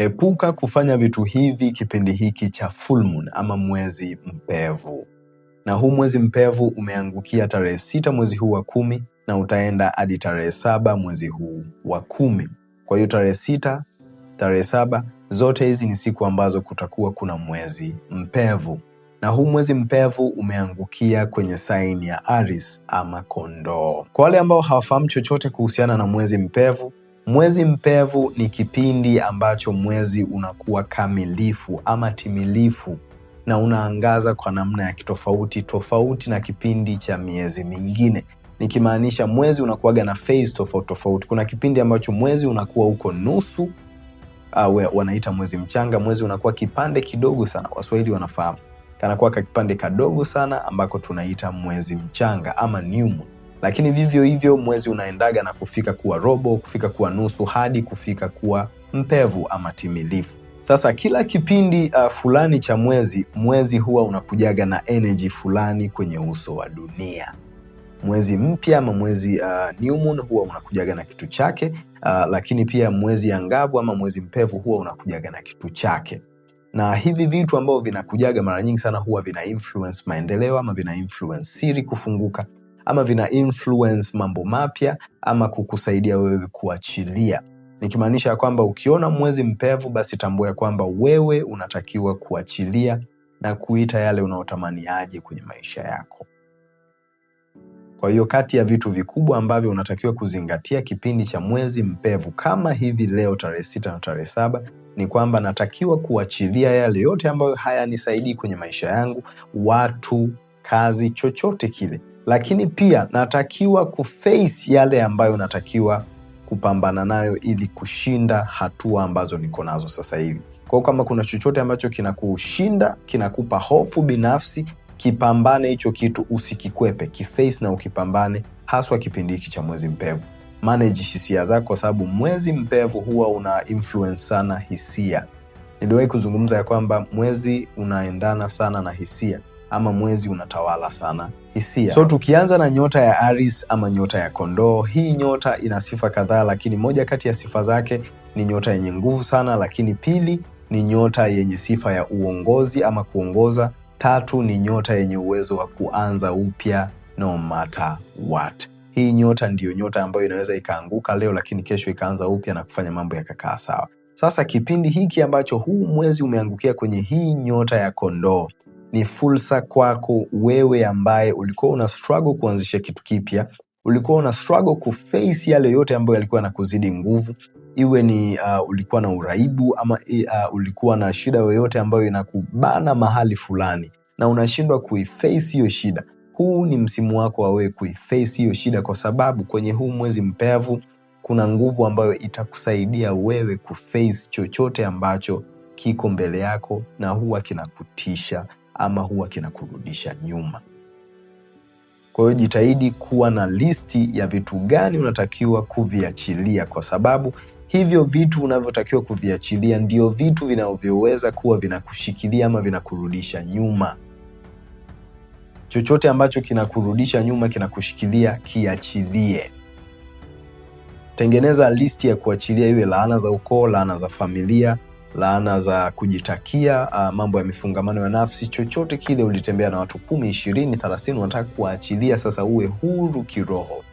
Epuka kufanya vitu hivi kipindi hiki cha full moon ama mwezi mpevu. Na huu mwezi mpevu umeangukia tarehe sita mwezi huu wa kumi na utaenda hadi tarehe saba mwezi huu wa kumi. Kwa hiyo tarehe sita, tarehe saba zote hizi ni siku ambazo kutakuwa kuna mwezi mpevu, na huu mwezi mpevu umeangukia kwenye saini ya Aries ama kondoo. Kwa wale ambao hawafahamu chochote kuhusiana na mwezi mpevu Mwezi mpevu ni kipindi ambacho mwezi unakuwa kamilifu ama timilifu na unaangaza kwa namna ya kitofauti tofauti na kipindi cha miezi mingine, nikimaanisha mwezi unakuwaga na phase tofauti tofauti. Kuna kipindi ambacho mwezi unakuwa uko nusu, uh, wanaita mwezi mchanga. Mwezi unakuwa kipande kidogo sana, Waswahili wanafahamu, kanakuwa kipande kadogo sana ambako tunaita mwezi mchanga ama new moon lakini vivyo hivyo mwezi unaendaga na kufika kuwa robo, kufika kuwa nusu, hadi kufika kuwa mpevu ama timilifu. Sasa kila kipindi uh, fulani cha mwezi, mwezi huwa unakujaga na energy fulani kwenye uso wa dunia. Mwezi mpya ama mwezi uh, new moon huwa unakujaga na kitu chake uh, lakini pia mwezi angavu ama mwezi mpevu huwa unakujaga na kitu chake, na hivi vitu ambavyo vinakujaga mara nyingi sana huwa vina influence maendeleo ama vina influence siri kufunguka ama vina influence mambo mapya ama kukusaidia wewe kuachilia, nikimaanisha ya kwamba ukiona mwezi mpevu, basi tambua ya kwamba wewe unatakiwa kuachilia na kuita yale unaotamani kwenye maisha yako. Kwa hiyo kati ya vitu vikubwa ambavyo unatakiwa kuzingatia kipindi cha mwezi mpevu kama hivi leo tarehe sita na tarehe saba ni kwamba natakiwa kuachilia yale yote ambayo hayanisaidii kwenye maisha yangu, watu, kazi, chochote kile lakini pia natakiwa ku yale ambayo natakiwa kupambana nayo ili kushinda hatua ambazo niko nazo sasa hivi. kwao kama kuna chochote ambacho kinakushinda, kinakupa hofu binafsi, kipambane hicho kitu, usikikwepe, ki na ukipambane, haswa kipindi hiki cha mwezi mpevu. Manage hisia zako, kwa sababu mwezi mpevu huwa una influence sana hisia. Niliwahi kuzungumza ya kwamba mwezi unaendana sana na hisia ama mwezi unatawala sana hisia. So tukianza na nyota ya Aries ama nyota ya kondoo, hii nyota ina sifa kadhaa, lakini moja kati ya sifa zake ni nyota yenye nguvu sana, lakini pili ni nyota yenye sifa ya uongozi ama kuongoza. Tatu ni nyota yenye uwezo wa kuanza upya no matter what. Hii nyota ndiyo nyota ambayo inaweza ikaanguka leo, lakini kesho ikaanza upya na kufanya mambo yakakaa sawa. Sasa kipindi hiki ambacho huu mwezi umeangukia kwenye hii nyota ya kondoo, ni fursa kwako wewe ambaye ulikuwa una struggle kuanzisha kitu kipya, ulikuwa una struggle kuface yale yote ambayo yalikuwa yanakuzidi nguvu, iwe ni uh, ulikuwa na uraibu ama uh, ulikuwa na shida yoyote ambayo inakubana mahali fulani na unashindwa kuiface hiyo shida. Huu ni msimu wako wa wewe kuiface hiyo shida, kwa sababu kwenye huu mwezi mpevu kuna nguvu ambayo itakusaidia wewe kuface chochote ambacho kiko mbele yako na huwa kinakutisha ama huwa kinakurudisha nyuma. Kwa hiyo jitahidi kuwa na listi ya vitu gani unatakiwa kuviachilia, kwa sababu hivyo vitu unavyotakiwa kuviachilia ndio vitu vinavyoweza kuwa vinakushikilia ama vinakurudisha nyuma. Chochote ambacho kinakurudisha nyuma, kinakushikilia, kiachilie. Tengeneza listi ya kuachilia, iwe laana za ukoo, laana za familia, laana za kujitakia, uh, mambo ya mifungamano ya nafsi, chochote kile. Ulitembea na watu kumi, ishirini, thelathini, unataka kuwaachilia sasa, uwe huru kiroho.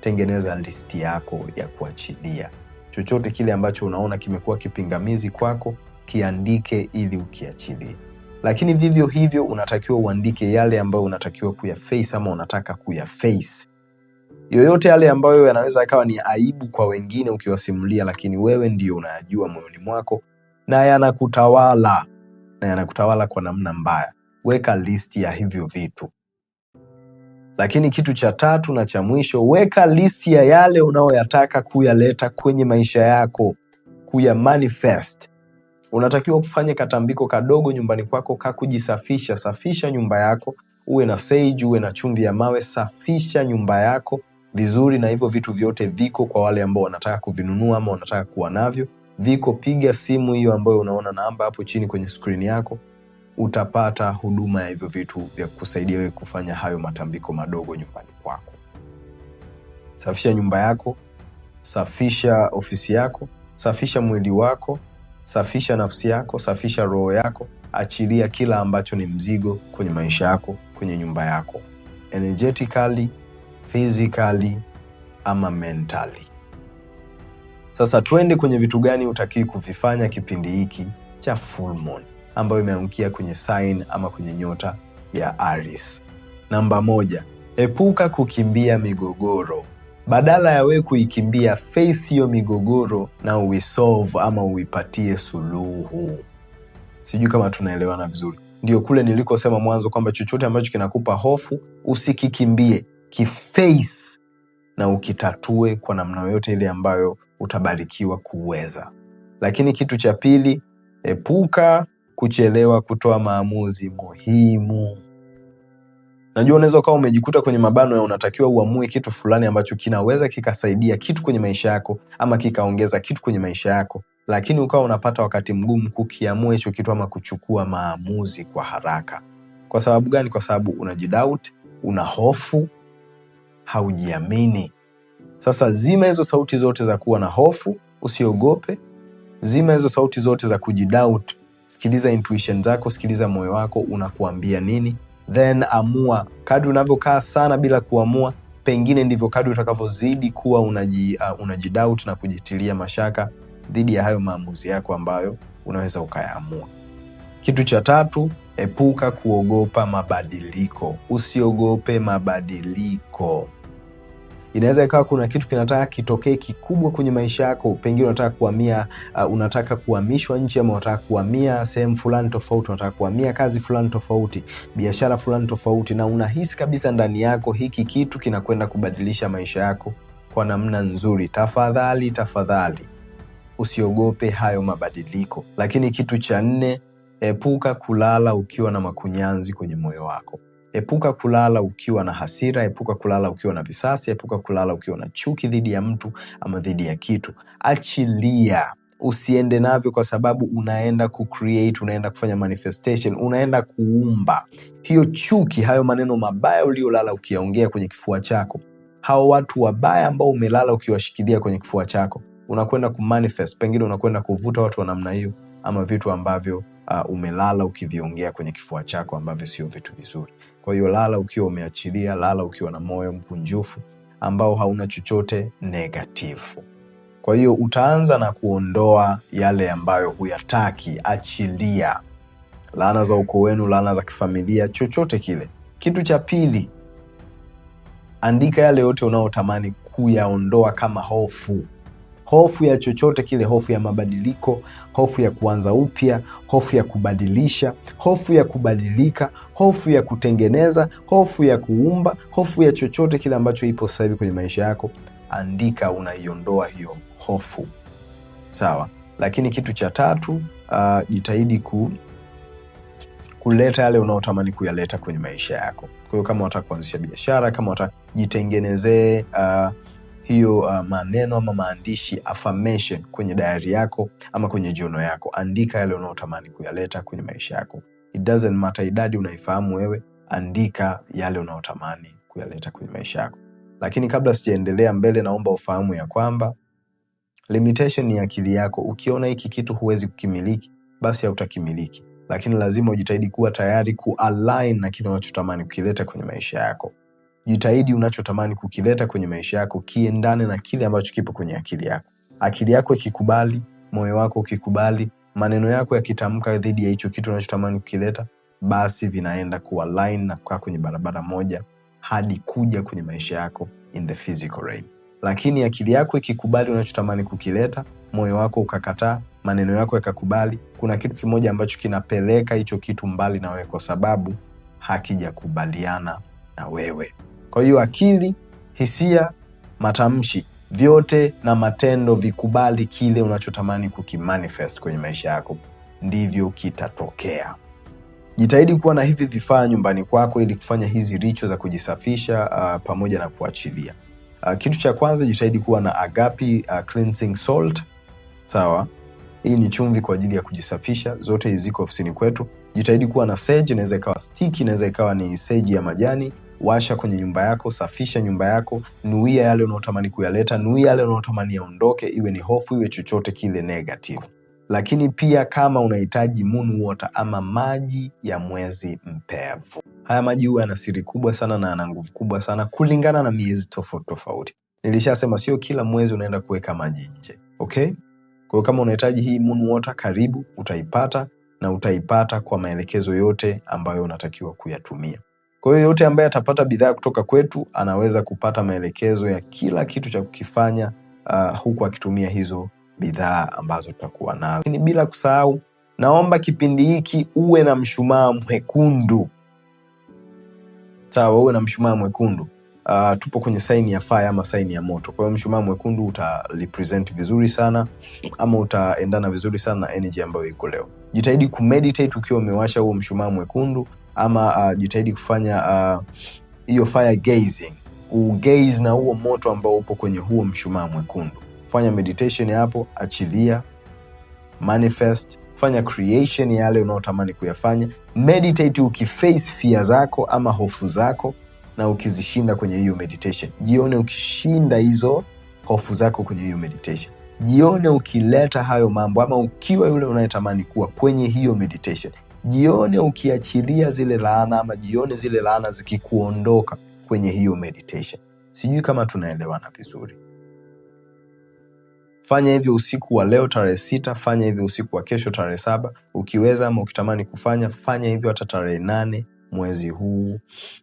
Tengeneza listi yako ya kuachilia. Chochote kile ambacho unaona kimekuwa kipingamizi kwako, kiandike ili ukiachilie. Lakini vivyo hivyo, unatakiwa uandike yale ambayo unatakiwa kuyaface ama unataka kuyaface yoyote yale ambayo yanaweza yakawa ni aibu kwa wengine ukiwasimulia, lakini wewe ndio unayajua moyoni mwako, na yanakutawala na yanakutawala kwa namna mbaya. Weka listi ya hivyo vitu. Lakini kitu cha tatu na cha mwisho, weka listi ya yale unayoyataka kuyaleta kwenye maisha yako, kuya manifest. Unatakiwa kufanya katambiko kadogo nyumbani kwako ka kujisafisha. Safisha nyumba yako, uwe na sage, uwe na chumvi ya mawe, safisha nyumba yako vizuri, na hivyo vitu vyote viko kwa wale ambao wanataka kuvinunua ama wanataka kuwa navyo viko, piga simu hiyo ambayo unaona namba hapo chini kwenye skrini yako, utapata huduma ya hivyo vitu vya kusaidia wewe kufanya hayo matambiko madogo nyumbani kwako. Safisha nyumba yako, safisha ofisi yako, safisha mwili wako, safisha nafsi yako, safisha roho yako, achilia kila ambacho ni mzigo kwenye maisha yako, kwenye nyumba yako, energetically, physically ama mentally. Sasa twende kwenye vitu gani utakii kuvifanya kipindi hiki cha full moon ambayo imeangukia kwenye sign ama kwenye nyota ya Aries. Namba moja, epuka kukimbia migogoro. Badala ya wewe kuikimbia, face hiyo migogoro na uisolve ama uipatie suluhu. Sijui kama tunaelewana vizuri. Ndio kule nilikosema mwanzo kwamba chochote ambacho kinakupa hofu usikikimbie, kiface na ukitatue kwa namna yoyote ile ambayo utabarikiwa kuweza. Lakini kitu cha pili, epuka kuchelewa kutoa maamuzi muhimu. Najua unaweza ukawa umejikuta kwenye mabano ya unatakiwa uamue kitu fulani ambacho kinaweza kikasaidia kitu kwenye maisha yako ama kikaongeza kitu kwenye maisha yako, lakini ukawa unapata wakati mgumu kukiamua hicho kitu ama kuchukua maamuzi kwa haraka. Kwa sababu gani? Kwa sababu unajidoubt, una hofu haujiamini. Sasa zima hizo sauti zote za kuwa na hofu, usiogope. Zima hizo sauti zote za kujidoubt. Sikiliza intuition zako, sikiliza moyo wako unakuambia nini, then amua. Kadri unavyokaa sana bila kuamua, pengine ndivyo kadri utakavyozidi kuwa unaji, uh, unajidoubt na kujitilia mashaka dhidi ya hayo maamuzi yako ambayo unaweza ukayaamua. Kitu cha tatu, Epuka kuogopa mabadiliko. Usiogope mabadiliko. Inaweza ikawa kuna kitu kinataka kitokee kikubwa kwenye maisha yako, pengine unataka kuhamia, uh, unataka kuhamishwa nchi ama unataka kuhamia sehemu fulani tofauti, unataka kuhamia kazi fulani tofauti, biashara fulani tofauti, na unahisi kabisa ndani yako hiki kitu kinakwenda kubadilisha maisha yako kwa namna nzuri. Tafadhali, tafadhali usiogope hayo mabadiliko. Lakini kitu cha nne Epuka kulala ukiwa na makunyanzi kwenye moyo wako. Epuka kulala ukiwa na hasira, epuka kulala ukiwa na visasi, epuka kulala ukiwa na chuki dhidi ya mtu ama dhidi ya kitu. Achilia, usiende navyo, kwa sababu unaenda kucreate, unaenda kufanya manifestation, unaenda kuumba hiyo chuki, hayo maneno mabaya uliolala ukiyaongea kwenye kifua chako, hao watu wabaya ambao umelala ukiwashikilia kwenye kifua chako, unakwenda kumanifest. Pengine unakwenda kuvuta watu wa namna hiyo ama vitu ambavyo uh, umelala ukiviongea kwenye kifua chako ambavyo sio vitu vizuri. Kwa hiyo lala ukiwa umeachilia, lala ukiwa na moyo mkunjufu ambao hauna chochote negatifu. Kwa hiyo utaanza na kuondoa yale ambayo huyataki, achilia laana za ukoo wenu, laana za kifamilia, chochote kile. Kitu cha pili, andika yale yote unaotamani kuyaondoa kama hofu hofu ya chochote kile, hofu ya mabadiliko, hofu ya kuanza upya, hofu ya kubadilisha, hofu ya kubadilika, hofu ya kutengeneza, hofu ya kuumba, hofu ya chochote kile ambacho ipo sasa hivi kwenye maisha yako, andika, unaiondoa hiyo hofu, sawa. Lakini kitu cha tatu, uh, jitahidi ku kuleta yale unaotamani kuyaleta kwenye maisha yako. Kwa hiyo kama unataka kuanzisha biashara, kama unataka jitengenezee uh, hiyo uh, maneno ama maandishi affirmation kwenye dayari yako ama kwenye jono yako. Andika yale unaotamani kuyaleta kwenye maisha yako. It doesn't matter idadi unaifahamu wewe, andika yale unaotamani kuyaleta kwenye maisha yako. Lakini kabla sijaendelea mbele, naomba ufahamu ya kwamba limitation ni akili yako. Ukiona hiki kitu huwezi kukimiliki, basi hautakimiliki, lakini lazima ujitahidi kuwa tayari kualign na kile unachotamani kukileta kwenye maisha yako. Jitahidi unachotamani kukileta kwenye maisha yako kiendane na kile ambacho kipo kwenye akili yako. Akili yako ikikubali, moyo wako ukikubali, maneno yako yakitamka dhidi ya hicho kitu unachotamani kukileta, basi vinaenda kualign na kukaa kwenye barabara moja hadi kuja kwenye maisha yako in the physical realm. Lakini akili yako ikikubali unachotamani kukileta, moyo wako ukakataa, maneno yako yakakubali, kuna kitu kimoja ambacho kinapeleka hicho kitu mbali na wewe, kwa sababu hakijakubaliana na wewe. Kwa hiyo akili, hisia, matamshi vyote na matendo vikubali kile unachotamani kukimanifest kwenye maisha yako, ndivyo kitatokea. Jitahidi kuwa na hivi vifaa nyumbani kwako ili kufanya hizi richo za kujisafisha uh, pamoja na kuachilia. Uh, kitu cha kwanza jitahidi kuwa na Agapi uh, cleansing salt. Sawa, hii ni chumvi kwa ajili ya kujisafisha, zote hizi ziko ofisini kwetu. Jitahidi kuwa na sage, inaweza ikawa stiki, inaweza ikawa ni sage ya majani washa kwenye nyumba yako, safisha nyumba yako, nuia yale unaotamani kuyaleta, nuia yale unaotamani yaondoke, iwe ni hofu, iwe chochote kile negative. Lakini pia kama unahitaji moon water ama maji ya mwezi mpevu, haya maji huwa yana siri kubwa sana na yana nguvu kubwa sana kulingana na miezi tofauti tofauti. Nilishasema sio kila mwezi unaenda kuweka maji nje, okay? Kwa hiyo kama unahitaji hii moon water, karibu utaipata na utaipata kwa maelekezo yote ambayo unatakiwa kuyatumia. Kwa hiyo yote ambaye atapata bidhaa kutoka kwetu anaweza kupata maelekezo ya kila kitu cha kukifanya uh, huku akitumia hizo bidhaa ambazo tutakuwa nazo. Lakini bila kusahau, naomba kipindi hiki uwe na mshumaa mwekundu, sawa? Uwe na mshumaa mwekundu. Uh, tupo kwenye saini ya fire ama saini ya moto. Kwa hiyo mshumaa mwekundu utalipresent vizuri sana ama utaendana vizuri sana na energy ambayo iko leo. Jitahidi kumeditate ukiwa umewasha huo mshumaa mwekundu ama uh, jitahidi kufanya uh, hiyo uh, fire gazing, ugaze na huo moto ambao upo kwenye huo mshumaa mwekundu. Fanya meditation hapo, achilia, manifest, fanya creation yale unaotamani kuyafanya. Meditate ukiface fear zako ama hofu zako na ukizishinda kwenye hiyo meditation. Jione ukishinda hizo hofu zako kwenye hiyo meditation. Jione ukileta hayo mambo ama ukiwa yule unayetamani kuwa kwenye hiyo meditation jione ukiachilia zile laana ama jione zile laana zikikuondoka kwenye hiyo meditation. Sijui kama tunaelewana vizuri. Fanya hivyo usiku wa leo tarehe sita, fanya hivyo usiku wa kesho tarehe saba. Ukiweza ama ukitamani kufanya, fanya hivyo hata tarehe nane mwezi huu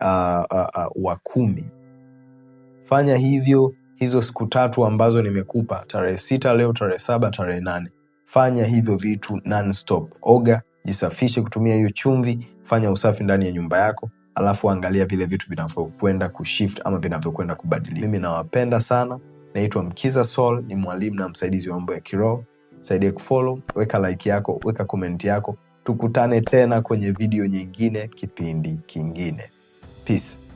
uh, uh, uh, wa kumi. Fanya hivyo hizo siku tatu ambazo nimekupa, tarehe sita leo, tarehe saba, tarehe nane. Fanya hivyo vitu non-stop. Oga jisafishe kutumia hiyo chumvi, fanya usafi ndani ya nyumba yako, alafu angalia vile vitu vinavyokwenda kushift ama vinavyokwenda kubadilika. Mimi nawapenda sana. Naitwa Mkiza Sol, ni mwalimu na msaidizi wa mambo ya kiroho. Saidia kufollow, weka like yako, weka komenti yako. Tukutane tena kwenye video nyingine, kipindi kingine. Peace.